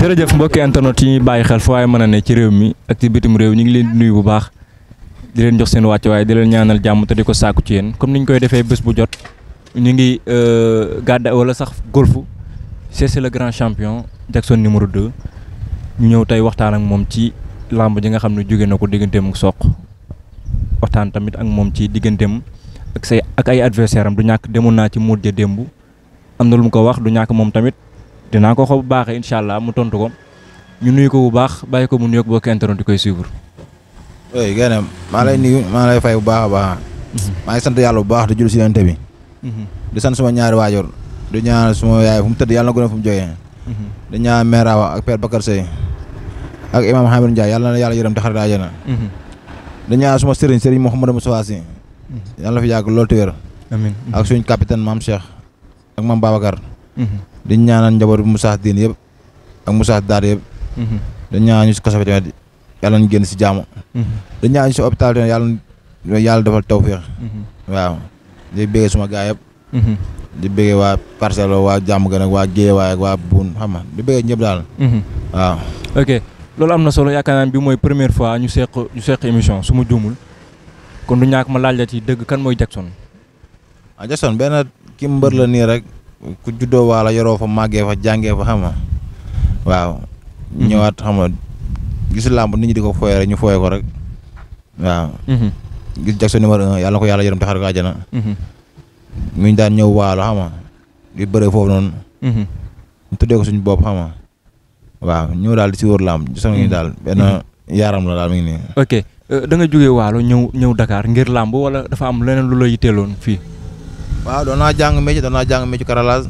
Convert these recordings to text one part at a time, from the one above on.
jërëjëf mbokki internet yi ñuy bàyyi xel fu waaye mën a ne ci réew mi ak ci bitim réew ñu ngi leen di nuyu bu baax di leen jox seen wàcc waaye di leen ñaanal jàmm te di ko sàkku ci yéen comme niñ koy defee bés bu jot ñu ngi euh, gàdda wala sax golfu c'est le grand champion Jackson numéro 2 ñëw tey waxtaan ak moom ci làmb ji nga xam ne jóge na ko digganteem ak soq waxtan tamit ak mom ci digganteem ak say ak ay adversaire am du ñak demoon na ci Modou dembu amna na lu mu ko wax du ñak mom tamit dina ko xob bu baaxee incha mu tontu ko ñu nuyu ko bu baax bàyyi ko mu ko bokk internet dikoy suivre. oui gën ma lay nuyu ma lay fay bu baax baax. Mhm. ma ngi sante yalla bu baax di jull ci yonent bi. Mhm. di sante sama ñaari waajur di ñaan sama yaay fu mu tedd yalla na fu mu jógee. Mhm. di ñaan mère ak père bakkar sey ak imam Hamid ndia yalla na yalla yërëm taxara xarit di ñaan suma serigne serigne mohammed Moustapha Sy mhm. yalla fi yag lool te amin mhm. ak suñu capitaine mam Cheikh ak maam Babacar mhm. di ñaanal njabootu musa din yeb ak musa dar yeb di ñaan ñu si kaso bi tamit yàlla ñu genn ci jaamu di ñaan ñu si hôpital tamit yalla yàlla defal tawféex waaw di béggee suma gaay yëpp di béggee wa parcelo wa jàmm gën ak waa géewaay ak wa bun xam nga di béggee ñëpp daal waaw okay loolu am na solo yaakaar naa bi mooy première fois ñu seq ñu seq émission su ma juumul kon du ñàkk ma laaj la dëgg kan mooy Jackson. ah Jackson benn ki mbër la nii rek ku juddoo waala yoroo fa màggee fa jàngee fa xam nga waaw. Mhm. ñëwaat xam gis làmb nit ñi di ko fooyee rek ñu fooyee ko rek waaw. Mhm. gis Jackson numéro un yàlla na ko yàlla yërëm taxar ko àjjana. ñu mhm. daan ñëw waalo xam nga di bëree foofu noonu. ñu tuddee ko suñu bopp xam waaw ñëw daal di si wër làmb gis nañu mm-hmm. daal benn mm-hmm. yaaram la daal mi ngi nii. ok euh, da nga jógee waalo ñëw ñëw Dakar ngir làmb wala dafa am leneen lu la yitteeloon fii. waaw doon naa jàng métier doon naa jàng métier carrelage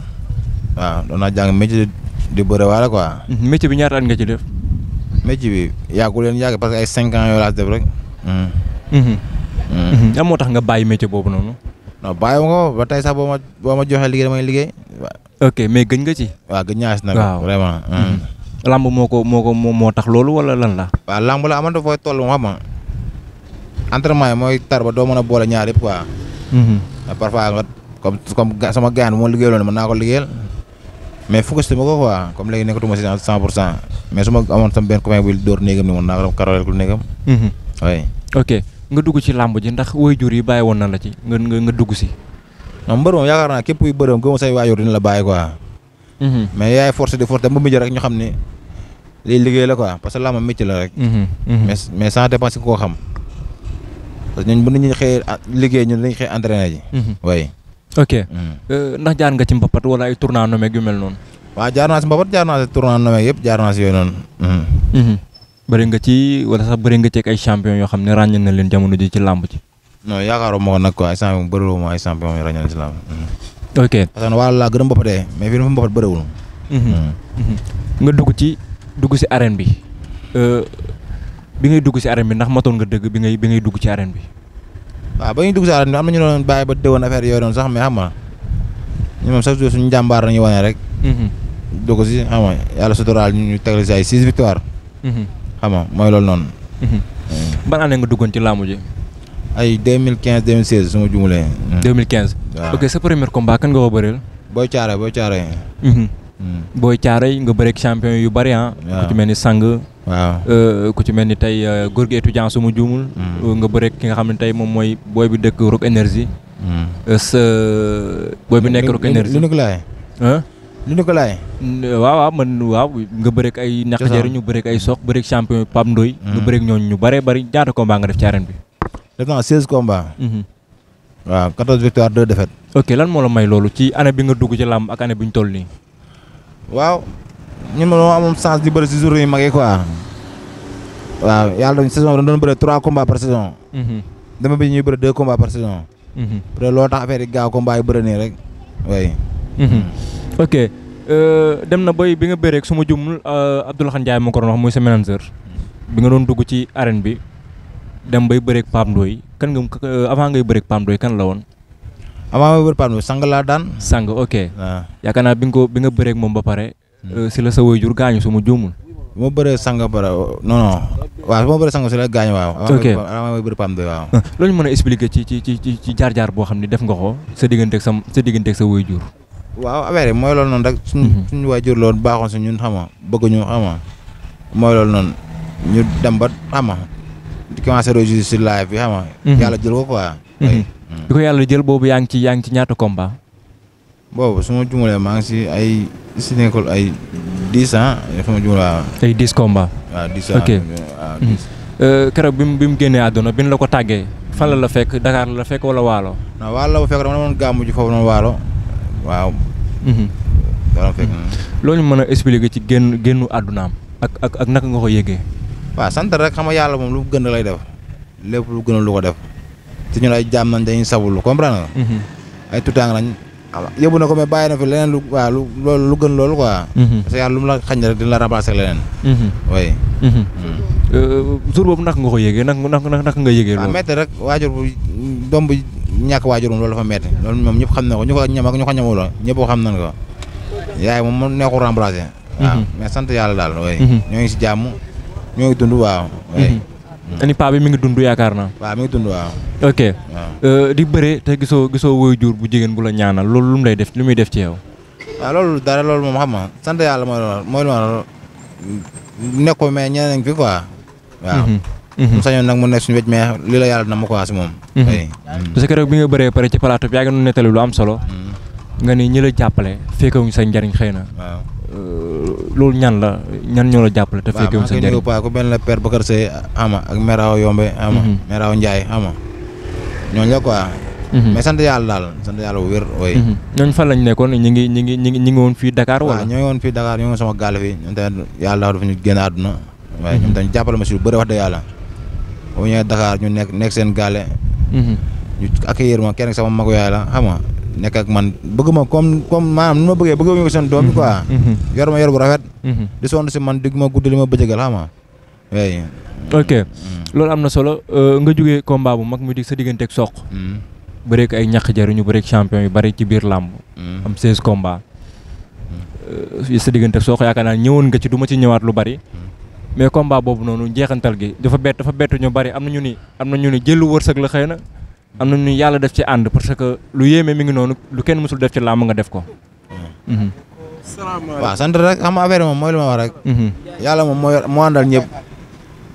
waaw doon naa jàng métier di bëre waale quoi. Mm-hmm. métier bi ñaata at nga ci def. métier bi yàggul leen yàgg parce que ay cinq ans yoo laa def rek. ma mm. mm. moo tax nga bàyyi métier boobu noonu. non bàyyi ko ba tey sax boo ma boo ma joxee liggéey damay liggéey. ok mais gëj nga ci. waaw gëj naa si nag. vraiment. Mm. lamb moko moko mo ko moo tax loolu wala lan la. waaw lamb la amatu fooy toll xam nga entraînement moy mooy tar ba doo mën a ñaar yépp quoi. hmm parfois nga comme comme sama gaan mo liggéeyaloon mën man nako liggéeyal mais focus ma ko quoi comme légui nekkatuma si cent mais suma amone amoon sama benn copain buy dor néegam ni mon nako naa ko def hmm ku néegam. Mhm. oui. ok nga dugg ci làmb ji ndax way jur yi bàyyi woon na la ci nga nga dugg ci non mbër yaakar na naa yu kuy bërëm gëmu say wayur dina la bàyyi quoi. Mhm. mais yaay forcé di forcé ba mujj rek ñu xam ne liy liggéey la quoi parce que làmb métier la rek. Mhm, mhm. mais mais sans dépense koo xam parce que ñun bu ñu xëyee liggéey ñun dañuy xëy entraîné ji. waaye. ok euh, ndax jaar nga ci mbapat wala ay tournoi nomé yu mel noonu. waaw jaar naa mbapat jaar naa si tournoi nomé yëpp jaar naa yooyu noonu. bëri ci wala sax bëri nga ci ay champion yoo xam ne ràññee na leen jamono ji ci làmb ji. non yaakaaruma ko nag quoi ay champion bëriwuma ay champion ok parce que laa gën a mboppatee mais fii dafa mboppat bëriwul. Mhm. Hmm. Mhm. nga dugg ci dugg si arène bi euh, bi ngay dugg si arène bi ndax matoon nga dëgg bi ngay bi ngay dugg ci arène bi. waaw ba ñuy dugg si arène bi am na ñu doon bàyyi ba déwoon affaire yooyu doon sax mais xam nga ñu moom chaque jour suñu jàmbaar la ñu wane rek. Mhm. dugg si xam nga yàlla suturaal ñu ñu tegal victoire. xam mooy loolu noonu. Hmm. ban année nga duggoon ci laamu ji. ay 2015 2016 su ma jumulee. 2015. Hmm. waaw ok sa premier combat kan nga ko bëreel. Boy Thiaroye Boy Thiaroye. Mhm. Hmm. Boy Thiaroye nga bëreeg champion yu bari ah. ku ci mel ni sang. Euh, ku ci mel ni tey euh, góor gi étudiant juumul. Hmm. Euh, nga bëreeg ki nga xam ne tey moom mooy booy bi dëkk Rock Énergie. sa bi nekk Rock Énergie. lu nu ko laay. lu waaw waaw man waaw nga bëreeg ay. naq jëri ñu bëreeg ay sox bëreeg champion Pape Ndoye. nga bëreeg ñooñu ñu baree bari ñaata combat nga def ci bi. def na 16 combat hmm wa ah, 14 victoires 2 défaites. ok lan mo la may loolu ci année bi nga dugg ci lamb ak année bi toll ni waaw ñun moom amoon sens di bëre ci jour yu magé yi quoi. waaw ñu saison bi doon bëre 3 combats par saison. hmm dama bi ñu bëre 2 combats par saison. hmm être lo tax affaire gaaw combat yu bëre ni rek way hmm ok euh dem na boy bi nga bëre rek suma jumul euh abdoul khan Ndiaye mo ko doon wax muy sa manager bi nga doon dugg ci arène bi. dem bay bëreeg Pape Ndoye kan nga avant ngay bëreeg Pape Ndoye kan la woon. avant may bëreeg Pape Ndoye sang laa daan. sang ok. waaw ah. yaakaar bi nga ko bi nga bëreeg moom ba pare. Hmm. Euh, si la sa waajur gaañu su ma juumul. moo ma bëree sang ba pare non non waaw su ma bëree sang waaw. ok avant may mën a expliquer ci ci ci ci jaar-jaar boo xam ne def nga ko sa digganteeg sa sa digganteeg sa waajur. waaw affaire yi mooy loolu noonu rek. Mhm. suñu ñu waajur la woon baaxoon si ñun xam nga bëgguñu xam nga mooy loolu noonu ñu dem ba xam di commencé rejeté sur live bi xam nga. Mhm. yàlla jël ko quoi. Mhm. bi ko yàlla jël boobu yaa ngi ci yaa ngi ci ñaata combat. boobu su ma maa ngi si ay si nekkul ay dix ans fu ma jumalee ay dix combats. Mhm. Euh, keroog bi mu bi mu génnee àdduna bi ñu la ko tàggee fan la la fekk Dakar la fekk wala Waalo. non Waalo la ma fekk dama doon gàmmu ji foofu noonu Waalo waaw. loolu ñu mën a expliquer ci génn génnu àddunaam ak ak ak naka nga ko yëgee. waaw sant rek xam nga yàlla moom lu gën lay def lépp lu gën lu ko def te ñun ay jaam nañ dañuy sabul comprendre nga. Mhm. ay tuutaang lañ. xam yóbbu na ko mais bàyyi na fi leneen lu waaw lu loolu lu gën loolu quoi. Mhm. parce que yàlla lu mu la xañ rek dina la remplacer leneen. Mhm. oui. Mm. Euh, jour boobu naka nga ko yëgee naka naka naka nga yëgee. loolu waaw moom ñëpp xam na ko ñëpp xam nañ ko. yaay moom mu neexul remplacer. waaw mais sant yàlla daal oui. ñoo si jàmm. ñoo ngi dund waaw. Mhm. Mm. ni paa bi mi ngi dund yaakaar naa. waaw mi ngi dund waaw. ok euh, di bëre te gisoo gisoo jur bu jigéen bu la ñaanal loolu lu mu def lu muy def ci yaw waaw loolu dara loolu moom xam yàlla mooy loolu mooy loolu nekkul mais ñeneen nañ fi quoi. waaw. Mhm. Mhm. nag suñu wécc mais li la yàlla na ma ko si moom. parce que rek bi nga bëree pare ci plateau bi yaa ngi doon lu am solo. Mm. nga ni ñi jàppale fekkewuñu sa njariñ xëy na. Euh, loolu ñan la ñan ñoo la jàppale. te fekkewuñ sa njëriñ waaw maa ngi ku benn la père Bakar Seye ama ak Meraaw mhm. la quoi. Mhm. mais sant mhm. fan lañ nekkoon ñu ngi ñu ngi ñu ngi ñu ngi woon fii Dakar. wala waaw ñoo ngi ma si lu bëri ñu nekk nekk seen gaale. ñu accueillir ma kenn sama magu yaay la xam nek ak man bëgguma ma comme comme maanaam nu ma bëggee bëgg ma ko seen doom bi quoi yor ma yor bu rafet di sonn si man digg ma gudd li ma bëccëgal xam nga ok mm. loolu am na solo eh, nga jógee combat bu mag mu dig sa diggante ak soq mm. bëreek ay ñaq jaruñu bëreek champion yu bari ci biir làmb mm. am 16 combat eh, sa diggante ak soq yaakaar naa ñëwoon nga ci du ma ci ñëwaat lu bari mais combat boobu noonu jeexantal gi dafa bett dafa bett ñu bari am na ñu ni am na ñu ni jëlu wërsëg la xëy na am na ñu yàlla def ci ànd parce que lu yéeme mi noonu lu kenn mësul def ci làmb nga def ko. Mhm. salaamaaleykum waaw sant rek xam nga affaire moom mooy lu ma wax rek. Mhm. yàlla moom mooy moo àndal ñëpp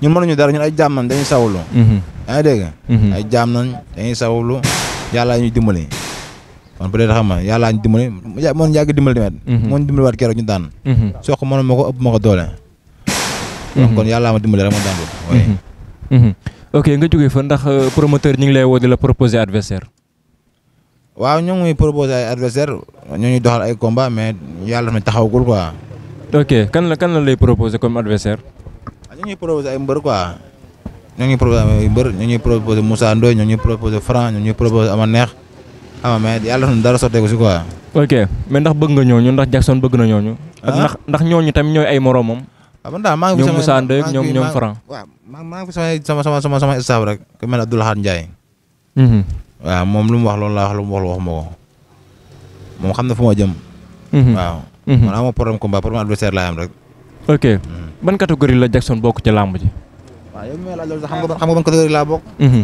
ñun mënuñu dara ñun ay mhm. yàlla ñuy dimbali. ñu dimbali man yàgg dimbali tamit. moo ñu dimbaliwaat keroog ñu daan. soq mënoon ma ko ëpp ma ko yàlla ma rek ma daan doon. ok nga jógee fa ndax euh, promoteur ñu ngi lay woo di la proposer adversaire. waaw ñoo ngi proposer ay adversaire ñoo ñuy doxal ay combat mais yàlla na taxawagul quoi. ok kan la kan la lay proposer comme adversaire. Ah, ñu ngi proposer ay mbër quoi. ñu ngi proposé ay mbër ñu ngi proposé Moussa Ndoye ñu ngi proposé ñu ngi ama neex ama mais yàlla na dara sotteeku si quoi. ok mais ndax bëgg nga ñooñu ndax Jackson bëgg na ñooñu. ak ah? ndax ñoo ñooñu tamit ñooy ay moromam. Apa ndak mang bisa nyom sande nyom nyom perang. mang mang bisa sama sama sama sama isa brak. Kemen Abdul Hanjay. Mhm. Waaw mom lu wax loolu la wax mau wax wax mako. Mom xam na fu ma jëm. Mhm. Waaw. Mhm. Man amoo problème combat pour ma Ban catégorie la Jackson bokk jelang, lamb ji? Waaw yow mi la loolu xam nga xam nga ban catégorie la bokk. Mhm.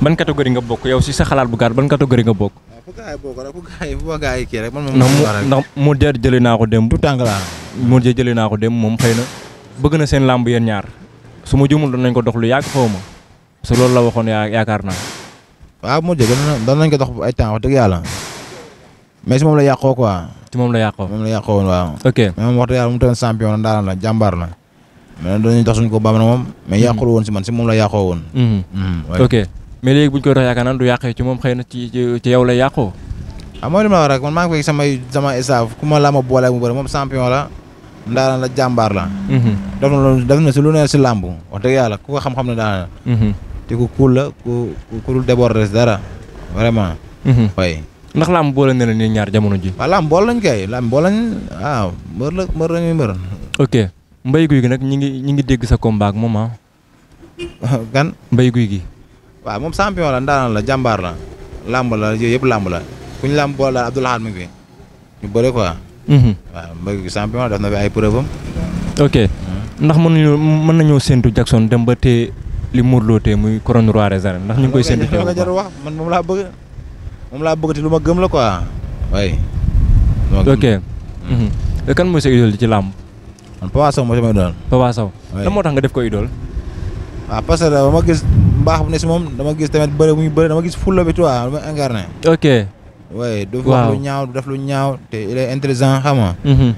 Ban catégorie nga bokk yow si sa ban catégorie nga bu gaa yi boo ko rek bu gaa yi boo gaa yi kii rek man moom. ndax mu jër jëli naa ko dem. tout tàng laa mu jër jëli naa ko dem moom xëy na bëgg na seen làmb yéen ñaar su ma jumul doon nañ ko dox lu yàgg xaw ma su loolu la waxoon yaa yaakaar naa. waaw Modou Dieng gën doon nañ ko dox ay temps wax dëgg yàlla mais si moom la yàqoo quoi. ci moom la yàqoo moom la yàqoo waaw. ok mais moom wax dëgg yàlla mu doon champion la ndaanaan la jàmbaar la. mais doon nañ dox suñ ko bam na moom. mais yàqul woon si man si moom la yàqoo woon. Mhm. Mhm, ok. mais léegi bu ñu koy dox yaakaar naan du yàqee ci moom xëy na ci ci yow lay yàqoo. ah mooy ma wax man maa fekk sama staff ku ma la ma boole mu bëri moom champion la ndaanaan la jàmbaar la. Mhm. def na loolu si lu ne si làmb o dëgg yàlla ku ko xam-xam ne daan mhm. la. te ku ku ku dul déborder dara vraiment. way mhm. ndax làmb boole na la nii ñaar jamono ji. waaw làmb boole lañ kay làmb boole lañ waaw mbër la la ñuy mbër. ok mbay guy gi nag ñi ngi ñi ngi dégg sa kombaak ak moom ah. gan mbay guy gi. waaw moom champion la ndaanaan la jàmbaar la làmb la yooyu làmb la ku ñu làmb bool daal Abdou Lahad mi ngi fi ñu bëre quoi. Mhm. waaw mbëgg champion la def na fi ay preuve am. ok ndax mën nañoo mën Jackson dem ba li Modou Lo tee muy couronne roi des ndax ñu ngi koy séntu. teew jar wax man moom laa bëgg moom laa bëgg te lu ma gëm la quoi waaye. ok. Hmm. Mhm. kan mooy sa idole ci làmb. man moo sama moo tax nga def ko idole. waaw ah, parce que ma gis. waax bu ne si moom dama gis tamit bëre bu bëre dama gis fulla bi tu vois dama incarné. ok. waaye du wax lu ñaaw du def lu ñaaw te il est intelligent xam nga. Mhm.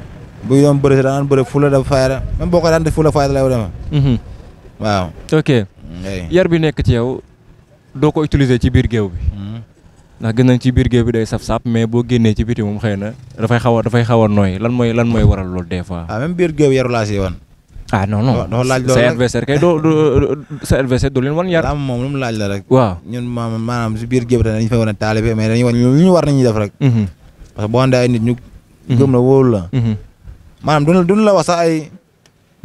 bu doon bëre si daan bëre fulla da fayda même boo ko daan def fulla fayda lay demee. Mhm. waaw. ok. yar bi nekk ci yow doo ko utiliser ci biir géew bi. Hmm. ndax gën nañ ci biir géew boo génnee ci biti moom xëy na dafay xaw a dafay xaw a nooy lan mooy lan mooy waral loolu des fois. waaw ah, même biir géew yaru si woon. ah non non do laaj do say adversaire kay do say adversaire do len won yar. làmb mom lu laaj la rek. waaw ñun maanaam ci biir géej dañu fa wone talibé mais dañuy wone ñu war nañu def rek. hmm parce que boo andee nit ñu. gëm na wóolu la. hmm maanaam duñ duñ la wax sa ay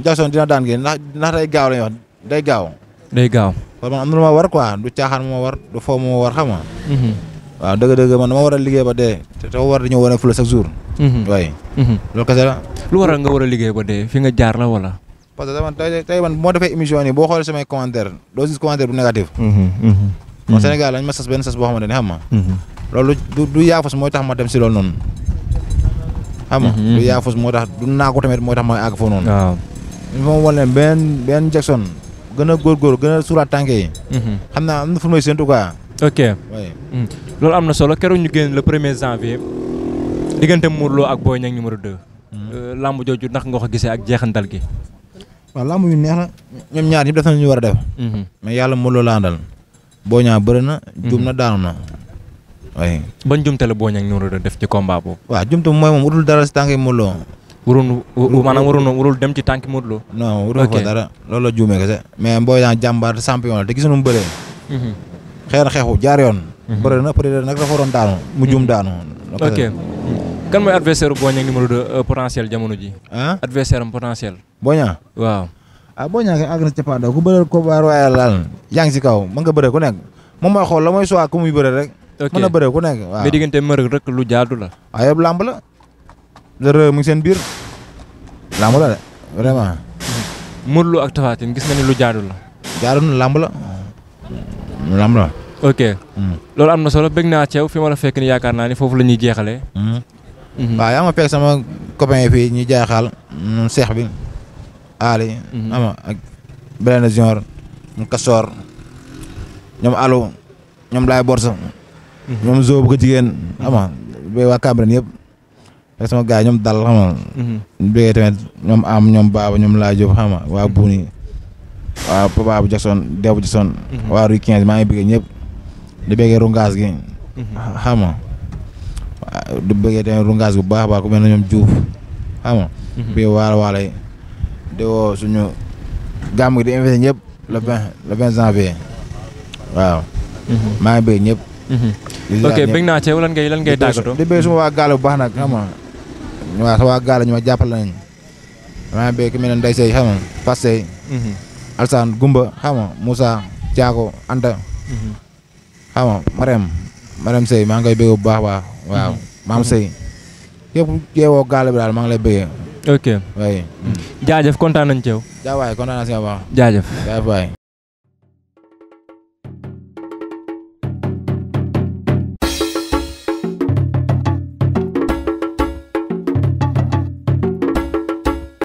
jason dina daan gene nak nak day gaaw la wax day gaaw. day gaaw kon man am na ma war quoi du caaxaan mo war du fo mo war xama hmm waaw deug deug man dama wara a ba dee te taw war dañoo wane fula chaque jour. hmm way hmm lo kessela lu waral nga wara a ba dee fi nga jaar la wala. parce que man tey tey man moo defee émission nii boo xoolee samay commentaire doo gis commentaire bu négatif. Mm-hmm, mm-hmm, mm-hmm. kon Sénégal lañ ma sas benn sas boo xamante ne xam ma loolu du yaafus mooy tax ma dem si loolu noonu. xam du yaafus moo tax du naa ko tamit mooy tax ma àgg foofu noonu. waaw il a góorgóorlu gën a suuraat mm. am na solo keroog ñu génn le premier janvier diggante Modou Lo ak Boy Niang numéro 2. Euh, làmb jooju ndax nga ko gisee ak jeexantal gi. waaw làmb yu neex na ñoom ñaar ñëpp def nañu war a def. Mhm. mais yàlla mënuloo la àndal. boo ñaa bëri na. juum na mhm. daanu na. waaye. ban jumte la boo war a def ci combat boobu. waaw jumte mooy moom utul dara si tànk yi mënuloo. waroon maanaam waroon warul dem ci tànk Modou Lo. non warul fa dara loolu la juumee kese. mais Boy Niang jàmbaar champion la te gis nu mu bëree. Mhm. xeer xeexu jaar yoon. bëri na daanu. mu juum daanu. ok kan mooy adversaire bu Boy numéro 2 euh, potentiel jamono ji. hein adversaire potentiel. boña waaw. ah boña ak agna ci cappaandaw ku bëreel combat royal laal yaa ngi si kaw ma nga beure ku nek moom mooy xol la mooy soit ku muy beure rek. ok mën na bëre ku nek waaw. mais diggante meur rek lu jaadu la. waaye ah, yëpp làmb la. re mu sen bir lamb la vraiment. Modou ak Tapha gis na ni lu jaadu la. jaadu na lamb la. lamb la. ok. Hmm. loolu am na solo bëgg naa ceew fi ma la fekk ni yaakaar naa ni foofu la ñuy jeexalee. Hmm. Mhm. waaw yaa ma fekk sama copain yi fii ñu jaaxaal seex bi aali mhm. ama ak beneen junior ñoom kasoor ñoom alu ñoom laay borsa mhm. ñoom zoo bu ko jigéen ama waa Cambérène yëpp fekk sama gars ñoom dal xama bégee tamit ñoom am ñoom baaba ñoom laa jóob xama waa buuni waa Papa bu Jackson Debu Jackson waa Rue maa ngi bëggee ñëpp di rungaas gi xama du bëggee tamit rungage bu baax a baax ku mel ne ñoom Diouf xam nga. bii waala waala yi di woo suñu gàmm gi di invité ñëpp le vingt le vingt janvier waaw. maa ngi bëgg ñëpp. ok bëgg naa ci yow lan ngay lan ngay tàggatoo. di bëgg suma waa gaal bu baax nag xam nga waaw sa waa gaal ñu ma jàppale nañ maa ngi bëgg ku mel ne Ndeye Seye xam nga Fassé. Mhm. Alsaan Gumba xam nga Moussa Thiago xam nga madame Seye maa ngi koy bëggee bu baax baax waaw maam mm-hmm. Seye yëpp yeewoo gaal bi daal maa ngi lay bëggee. ok oui. jaajëf kontaan nañ ci yow. jaa waay kontaan naa jaajëf jaajëf waay.